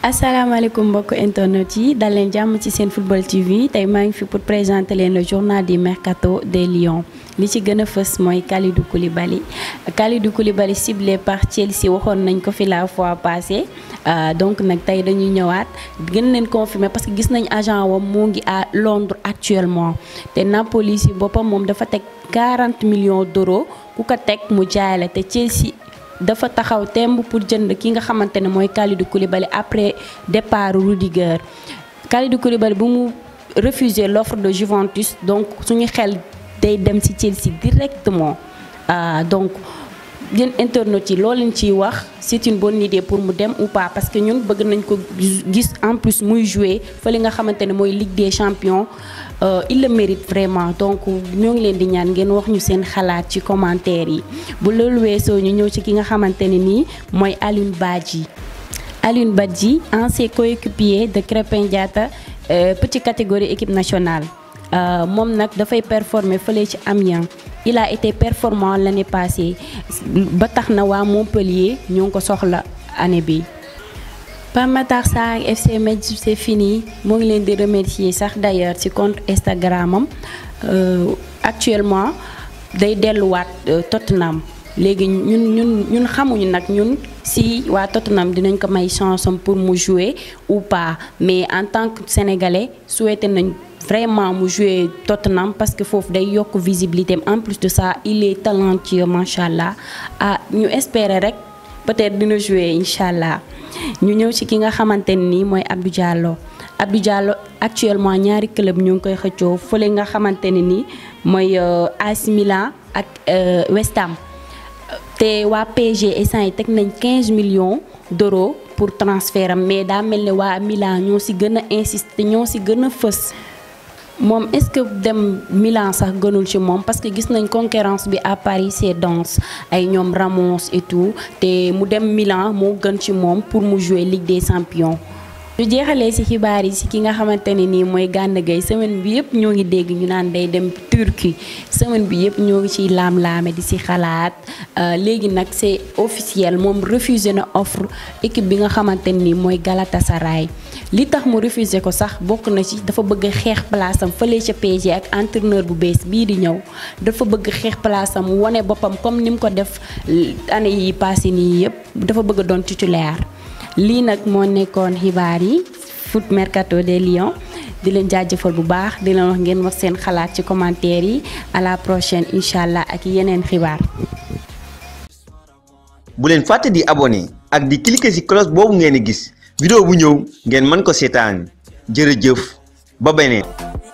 Salam alaikum internet yi dal ci football TV tay maa ngi fi pour présenter le journal du mercato des Lions li ci gëna fess moy Kali Kalidou Koulibaly Kalidou Koulibaly ciblé par Chelsea waxoon nañ ko fi la fois passée euh, donc nak tay dañuy ñëwaat gën leen confirmer parce que gis nañ agent wa à Londres actuellement té Napoli ci bopam mom dafa 40 millions d'euros ku ko tek mu jaay la té Chelsea dafa taxaw temb pour jënd ki nga xamantene moy mooy Kalidou Koulibaly après départ Rudiger Kalidou Koulibaly bu mu refuser l'offre de Juventus donc suñu xel day dem ci Chelsea directement ah, donc bien internet yi lo leen wax c'est une bonne idée pour mu dem ou pas parce que ñun bëgg nañ ko gis en plus muy jouer fa li nga xamantene moy Ligue des Champions euh, il le mérite vraiment donc ñoo ngi leen di ñaan ngeen wax ñu seen xalaat ci commentaire yi bu loolu weesoo ñu ñëw ci ki nga xamante ne Alun mooy Badji Alioune Badji ancien coéquipier de Crépin Diatta euh, petite catégorie équipe nationale nak euh, nag dafay performer fële ci Amiens il a été performant l'année passée ba tax na Montpellier nous on ko soxla année bi Pape Matar FC Metz c'est fini Je ngi leen di remercier sax d'ailleurs ci compte Instagram am euh, actuellement day delluwaat euh, Tottenham Légui ñun ñun ñun xamuñu nak ñun si wa Tottenham dinañ ko may chance pour mu jouer ou pas mais en tant que sénégalais souhaité nañ vraiment mu jouer Tottenham parce que fofu day yok visibilité en plus de ça il est talentueux machallah. ah ñu espérer rek peut-être dina jouer inshallah ñu ñëw ci ki nga xamante ni moy Abdou Diallo Abdou Diallo actuellement ñaari club ñu ngi koy xëccio feulé nga xamante ni moy euh, AC Milan ak euh, West Ham té wa PSG instant yi teg nañ 15 millions d'euros pour transfert mais da melni wa Milan ñoo ci gëna insister ñoo ci gëna a Mom, est-ce que dem Milan sax gënul ci mom parce que gis nañ concurrence bi à Paris c'est dense ay ñom Ramos et tout té mu dem Milan mo gën ci mom pour mu jouer Ligue des Champions ñu jeexalee ci xibaar yi ci ki nga xamante ne nii mooy Gana Gueye semaine bi yëpp ñoo ngi dégg ñu naan day dem Turquie semaine bi yëpp ñoo ngi ciy laam-laame di ci xalaat euh, léegi nag c'est officiel moom refusé na offre équipe bi nga xamante nii mooy galatasaraay li tax mu refusé ko sax bokk na ci dafa bëgg xeex place fële ca PSG ak entraîneur bu bees bii di ñëw dafa bëgg xeex place am wone boppam comme ni mu ko def année yi passé nii yëpp dafa bëgg a doon titulaire lii nag moo nekkoon xibaar yi foot mercato de Lions di leen jaajëfal bu baax di leen wax ngeen wax seen xalaat ci commentaire yi à la prochaine incha ak yeneen xibaar. bu leen fàtte di abonné ak di cliquer ci cloche boobu ngeen di gis vidéo bu ñëw ngeen mën ko seetaan jërëjëf ba beneen.